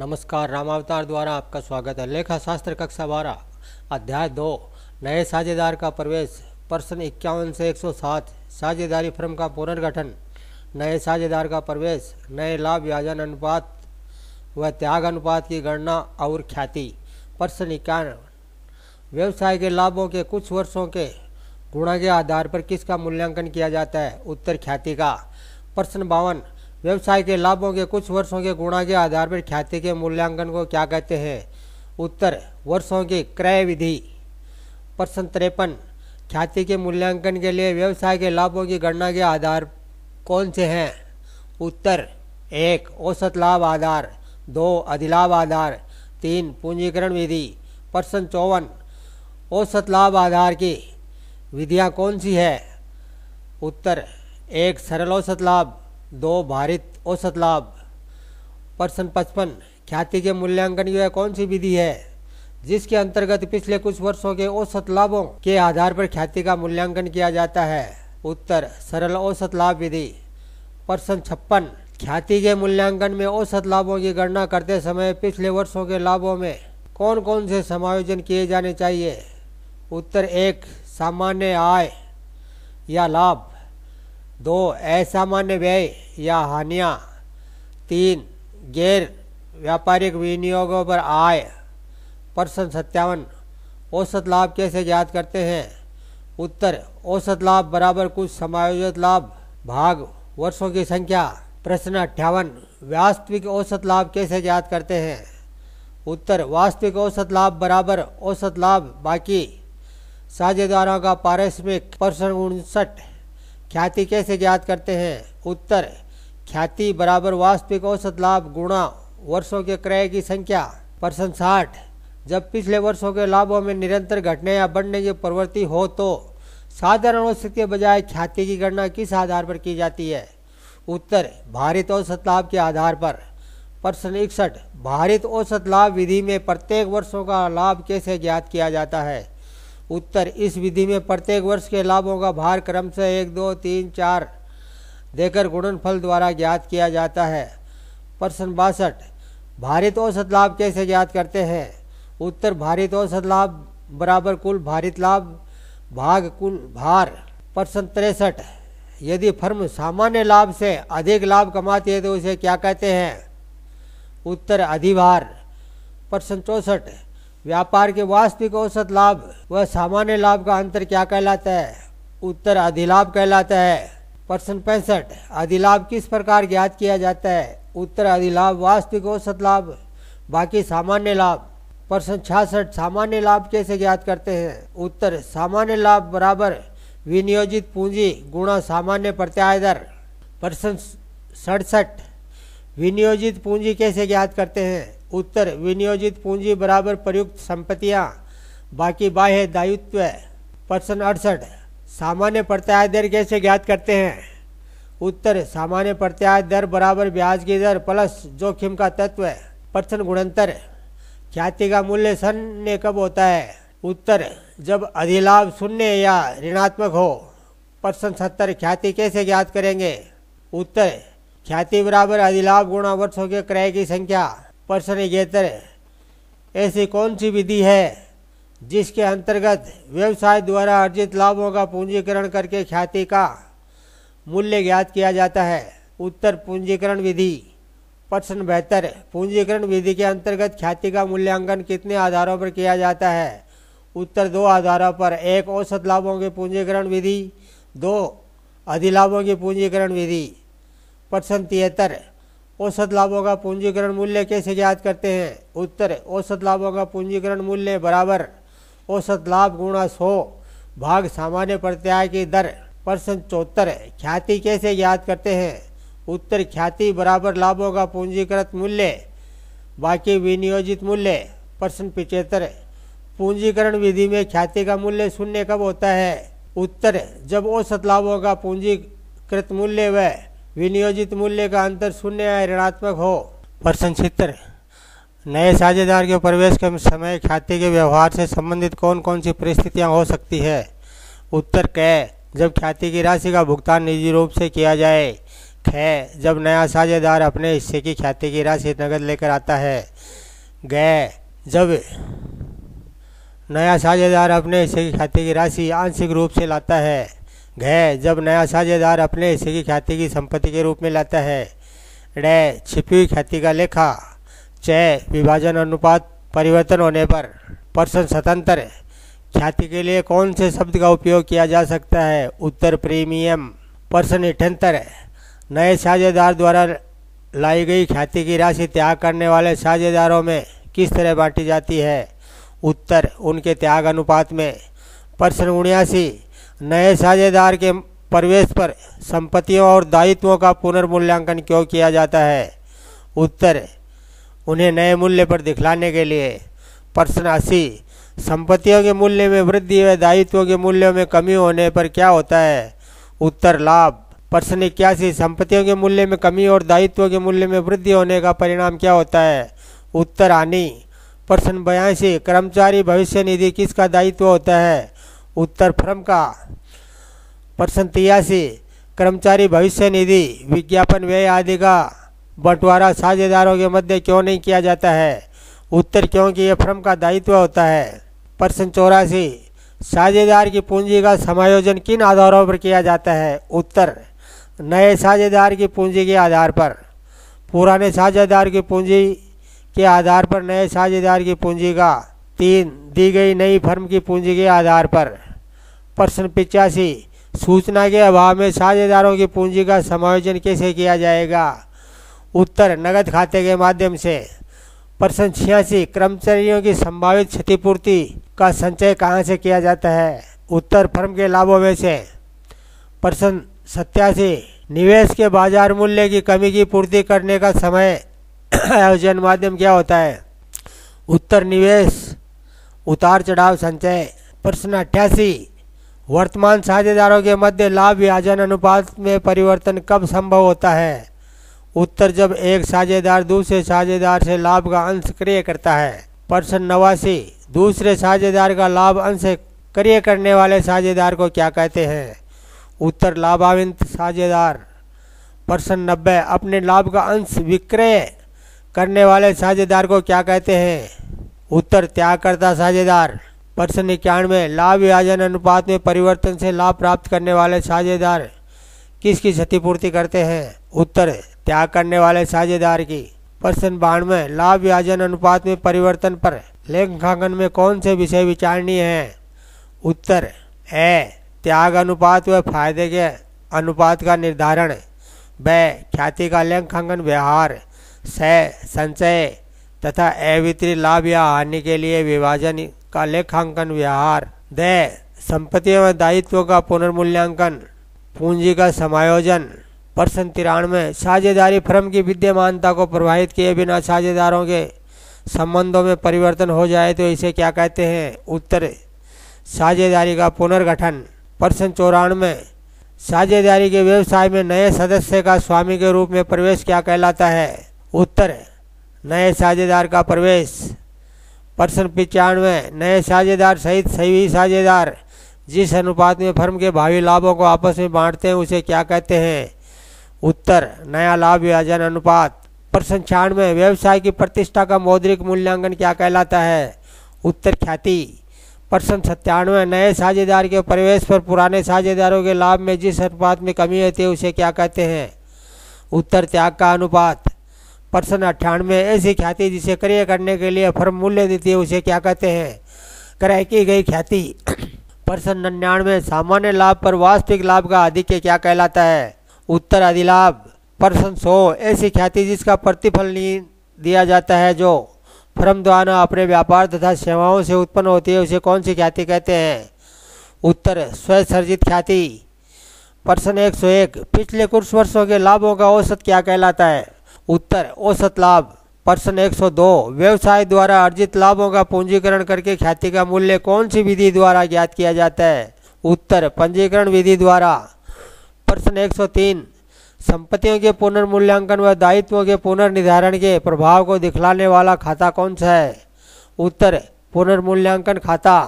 नमस्कार रामावतार द्वारा आपका स्वागत है लेखा शास्त्र कक्षा बारह अध्याय दो नए साझेदार का प्रवेश प्रश्न इक्यावन से 107 साझेदारी फर्म का पुनर्गठन नए साझेदार का प्रवेश नए लाभ व्याजन अनुपात व त्याग अनुपात की गणना और ख्याति प्रश्न इक्यावन व्यवसाय के लाभों के कुछ वर्षों के गुणा के आधार पर किसका मूल्यांकन किया जाता है उत्तर ख्याति का प्रश्न बावन व्यवसाय के लाभों के कुछ वर्षों के गुणा के आधार पर ख्याति के मूल्यांकन को क्या कहते हैं उत्तर वर्षों की क्रय विधि प्रश्न तिरपन ख्याति के मूल्यांकन के लिए व्यवसाय के लाभों की गणना के आधार कौन से हैं उत्तर एक औसत लाभ आधार दो अधिलाभ आधार तीन पूंजीकरण विधि प्रश्न चौवन औसत लाभ आधार की विधियाँ कौन सी है उत्तर एक सरल औसत लाभ दो भारित औसत लाभ प्रश्न पचपन ख्याति के मूल्यांकन की कौन सी विधि है जिसके अंतर्गत पिछले कुछ वर्षों के औसत लाभों के आधार पर ख्याति का मूल्यांकन किया जाता है उत्तर सरल औसत लाभ विधि प्रश्न छप्पन ख्याति के मूल्यांकन में औसत लाभों की गणना करते समय पिछले वर्षों के लाभों में कौन कौन से समायोजन किए जाने चाहिए उत्तर एक सामान्य आय या लाभ दो असामान्य व्यय या हानियाँ तीन गैर व्यापारिक विनियोगों पर आय प्रश्न सत्तावन औसत लाभ कैसे ज्ञात करते हैं उत्तर औसत लाभ बराबर कुछ समायोजित लाभ भाग वर्षों की संख्या प्रश्न अट्ठावन वास्तविक औसत लाभ कैसे ज्ञात करते हैं उत्तर वास्तविक औसत लाभ बराबर औसत लाभ बाकी साझेदारों का पारिश्रमिक प्रश्न उनसठ ख्याति कैसे ज्ञात करते हैं उत्तर ख्याति बराबर वास्तविक औसत लाभ गुणा वर्षों के क्रय की संख्या प्रश्न साठ जब पिछले वर्षों के लाभों में निरंतर घटने या बढ़ने की प्रवृत्ति हो तो साधारण औसत के बजाय ख्याति की गणना किस आधार पर की जाती है उत्तर भारित औसत लाभ के आधार पर प्रश्न इकसठ भारित औसत लाभ विधि में प्रत्येक वर्षों का लाभ कैसे ज्ञात किया जाता है उत्तर इस विधि में प्रत्येक वर्ष के लाभों का भार क्रम से एक दो तीन चार देकर गुणनफल द्वारा ज्ञात किया जाता है प्रश्न बासठ भारित औसत लाभ कैसे ज्ञात करते हैं उत्तर भारित औसत लाभ बराबर कुल भारित लाभ भाग कुल भार प्रश्न तिरसठ यदि फर्म सामान्य लाभ से अधिक लाभ कमाती है तो उसे क्या कहते हैं उत्तर अधिभार प्रश्न चौंसठ व्यापार के वास्तविक औसत लाभ वह सामान्य लाभ का अंतर क्या कहलाता है उत्तर अधिलाभ कहलाता है प्रश्न पैंसठ अधिलाभ किस प्रकार ज्ञात किया जाता है उत्तर अधिलाभ वास्तविक औसत लाभ बाकी सामान्य लाभ प्रश्न छियासठ सामान्य लाभ कैसे ज्ञात करते हैं उत्तर सामान्य लाभ बराबर विनियोजित पूंजी गुणा सामान्य प्रत्याय दर प्रश्न सड़सठ विनियोजित पूंजी कैसे ज्ञात करते हैं उत्तर विनियोजित पूंजी बराबर प्रयुक्त संपत्तियां बाकी बाह्य दायित्व प्रश्न अड़सठ सामान्य प्रत्याय दर कैसे ज्ञात करते हैं उत्तर सामान्य प्रत्याय दर बराबर ब्याज की दर प्लस जोखिम का तत्व प्रश्न गुणंतर ख्याति का मूल्य शून्य कब होता है उत्तर जब अधिलाभ शून्य या ऋणात्मक हो प्रश्न सत्तर ख्याति कैसे ज्ञात करेंगे उत्तर ख्याति बराबर अधिलाभ गुणा वर्षों के क्रय की संख्या गेतर ऐसी कौन सी विधि है जिसके अंतर्गत व्यवसाय द्वारा अर्जित लाभों का पूंजीकरण करके ख्याति का मूल्य ज्ञात किया जाता है उत्तर पूंजीकरण विधि प्रश्न बेहतर पूंजीकरण विधि के अंतर्गत ख्याति का मूल्यांकन कितने आधारों पर किया जाता है उत्तर दो आधारों पर एक औसत लाभों की पूंजीकरण विधि दो अधिलाभों की पूंजीकरण विधि प्रश्न तिहत्तर औसत लाभों का पूंजीकरण मूल्य कैसे ज्ञात करते हैं उत्तर औसत लाभों का पूंजीकरण मूल्य बराबर औसत लाभ गुणा सौ भाग सामान्य प्रत्याय की दर प्रश्न चौहत्तर ख्याति कैसे ज्ञात करते हैं उत्तर ख्याति बराबर लाभों का पूंजीकृत मूल्य बाकी विनियोजित मूल्य प्रश्न पिचहत्तर पूंजीकरण विधि में ख्याति का मूल्य शून्य कब होता है उत्तर जब औसत लाभों का पूंजीकृत मूल्य व विनियोजित मूल्य का अंतर शून्य या ऋणात्मक हो प्रश्न छिहत्तर नए साझेदार के प्रवेश के समय खाते के व्यवहार से संबंधित कौन कौन सी परिस्थितियां हो सकती है उत्तर क जब खाते की राशि का भुगतान निजी रूप से किया जाए ख जब नया साझेदार अपने हिस्से की खाते की राशि नगद लेकर आता है ग जब नया साझेदार अपने हिस्से की खाते की राशि आंशिक रूप से लाता है घ जब नया साझेदार अपने हिस्से की ख्याति की संपत्ति के रूप में लाता है ड छिपी हुई ख्याति का लेखा च विभाजन अनुपात परिवर्तन होने पर पर्सन स्वतंत्र ख्याति के लिए कौन से शब्द का उपयोग किया जा सकता है उत्तर प्रीमियम पर्सन इठंतर नए साझेदार द्वारा लाई गई ख्याति की राशि त्याग करने वाले साझेदारों में किस तरह बांटी जाती है उत्तर उनके त्याग अनुपात में पर्सन उन्यासी नए साझेदार के प्रवेश पर संपत्तियों और दायित्वों का पुनर्मूल्यांकन क्यों किया जाता है उत्तर उन्हें नए मूल्य पर दिखलाने के लिए प्रश्न अस्सी संपत्तियों के मूल्य में वृद्धि व दायित्वों के मूल्यों में कमी होने पर क्या होता है उत्तर लाभ प्रश्न इक्यासी संपत्तियों के मूल्य में कमी और दायित्वों के मूल्य में वृद्धि होने का परिणाम क्या होता है उत्तर हानि प्रश्न बयासी कर्मचारी भविष्य निधि किसका दायित्व होता है उत्तर फ्रम का प्रश्न तिरासी कर्मचारी भविष्य निधि विज्ञापन व्यय आदि का बंटवारा साझेदारों के मध्य क्यों नहीं किया जाता है उत्तर क्योंकि यह फ्रम का दायित्व होता है प्रश्न चौरासी साझेदार की पूंजी का समायोजन किन आधारों पर किया जाता है उत्तर नए साझेदार की पूंजी के आधार पर पुराने साझेदार की पूंजी के आधार पर नए साझेदार की पूंजी का तीन दी गई नई फर्म की पूंजी के आधार पर प्रश्न पिचासी सूचना के अभाव में साझेदारों की पूंजी का समायोजन कैसे किया जाएगा उत्तर नगद खाते के माध्यम से प्रश्न छियासी कर्मचारियों की संभावित क्षतिपूर्ति का संचय कहाँ से किया जाता है उत्तर फर्म के लाभों में से प्रश्न सत्यासी निवेश के बाजार मूल्य की कमी की पूर्ति करने का समय आयोजन माध्यम क्या होता है उत्तर निवेश उतार चढ़ाव संचय प्रश्न अट्ठासी वर्तमान साझेदारों के मध्य लाभ विभाजन अनुपात में परिवर्तन कब संभव होता है उत्तर जब एक साझेदार दूसरे साझेदार से लाभ का अंश क्रिय करता है प्रश्न नवासी दूसरे साझेदार का लाभ अंश क्रिय करने वाले साझेदार को क्या कहते हैं उत्तर लाभाविंत साझेदार प्रश्न नब्बे अपने लाभ का अंश विक्रय करने वाले साझेदार को क्या कहते हैं उत्तर त्यागकर्ता साझेदार प्रश्न इक्यानवे लाभ विभाजन अनुपात में परिवर्तन से लाभ प्राप्त करने वाले साझेदार किसकी क्षतिपूर्ति करते हैं उत्तर त्याग करने वाले साझेदार की प्रश्न बानवे लाभ विभाजन अनुपात में परिवर्तन पर लेखांकन में कौन से विषय विचारणीय हैं उत्तर ए त्याग अनुपात व फायदे के अनुपात का निर्धारण ब ख्याति का लेखांकन व्यवहार स संचय तथा अवित्तीय लाभ या हानि के लिए विभाजन का लेखांकन व्यवहार दय संपत्ति एवं दायित्व का पुनर्मूल्यांकन पूंजी का समायोजन प्रश्न तिरानवे साझेदारी फर्म की विद्यमानता को प्रभावित किए बिना साझेदारों के संबंधों में परिवर्तन हो जाए तो इसे क्या कहते हैं उत्तर साझेदारी का पुनर्गठन प्रश्न चौरानवे साझेदारी के व्यवसाय में नए सदस्य का स्वामी के रूप में प्रवेश क्या कहलाता है उत्तर नए साझेदार का प्रवेश प्रश्न पिचानवे नए साझेदार सहित सही साझेदार जिस अनुपात में फर्म के भावी लाभों को आपस में बांटते हैं उसे क्या कहते हैं उत्तर नया लाभ विभाजन अनुपात प्रश्न छियानवे व्यवसाय की प्रतिष्ठा का मौद्रिक मूल्यांकन क्या कहलाता है उत्तर ख्याति प्रश्न सत्तानवे नए साझेदार के प्रवेश पर पुराने साझेदारों के लाभ में जिस अनुपात में कमी होती है उसे क्या कहते हैं उत्तर त्याग का अनुपात प्रश्न अट्ठानवे ऐसी ख्याति जिसे क्रय करने के लिए फर्म मूल्य देती है उसे क्या कहते हैं क्रय की गई ख्याति प्रश्न निन्यानवे सामान्य लाभ पर वास्तविक लाभ का आधिक्य क्या कहलाता है उत्तर अधिलाभ प्रश्न सौ ऐसी ख्याति जिसका प्रतिफल नहीं दिया जाता है जो फर्म द्वारा अपने व्यापार तथा सेवाओं से उत्पन्न होती है उसे कौन सी ख्याति कहते हैं उत्तर स्वसर्जित ख्याति प्रश्न एक सौ एक पिछले कुछ वर्षों के लाभों का औसत क्या कहलाता है उत्तर औसत लाभ प्रश्न 102 व्यवसाय द्वारा अर्जित लाभों का पूंजीकरण करके ख्याति का मूल्य कौन सी विधि द्वारा ज्ञात किया जाता है उत्तर पंजीकरण विधि द्वारा प्रश्न 103 संपत्तियों के पुनर्मूल्यांकन व दायित्वों के पुनर्निर्धारण के प्रभाव को दिखलाने वाला खाता कौन सा है उत्तर पुनर्मूल्यांकन खाता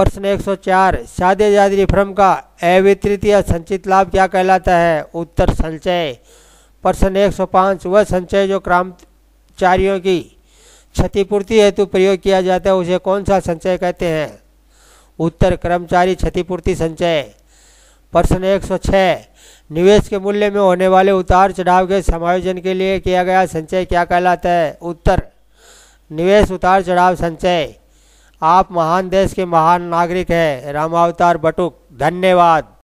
प्रश्न 104 शादी चार फर्म का अवितरित या संचित लाभ क्या कहलाता है उत्तर संचय प्रश्न पाँच वह संचय जो कर्मचारियों की क्षतिपूर्ति हेतु प्रयोग किया जाता है उसे कौन सा संचय कहते हैं उत्तर कर्मचारी क्षतिपूर्ति संचय प्रश्न छः निवेश के मूल्य में होने वाले उतार चढ़ाव के समायोजन के लिए किया गया संचय क्या कहलाता है उत्तर निवेश उतार चढ़ाव संचय आप महान देश के महान नागरिक हैं रामावतार बटुक धन्यवाद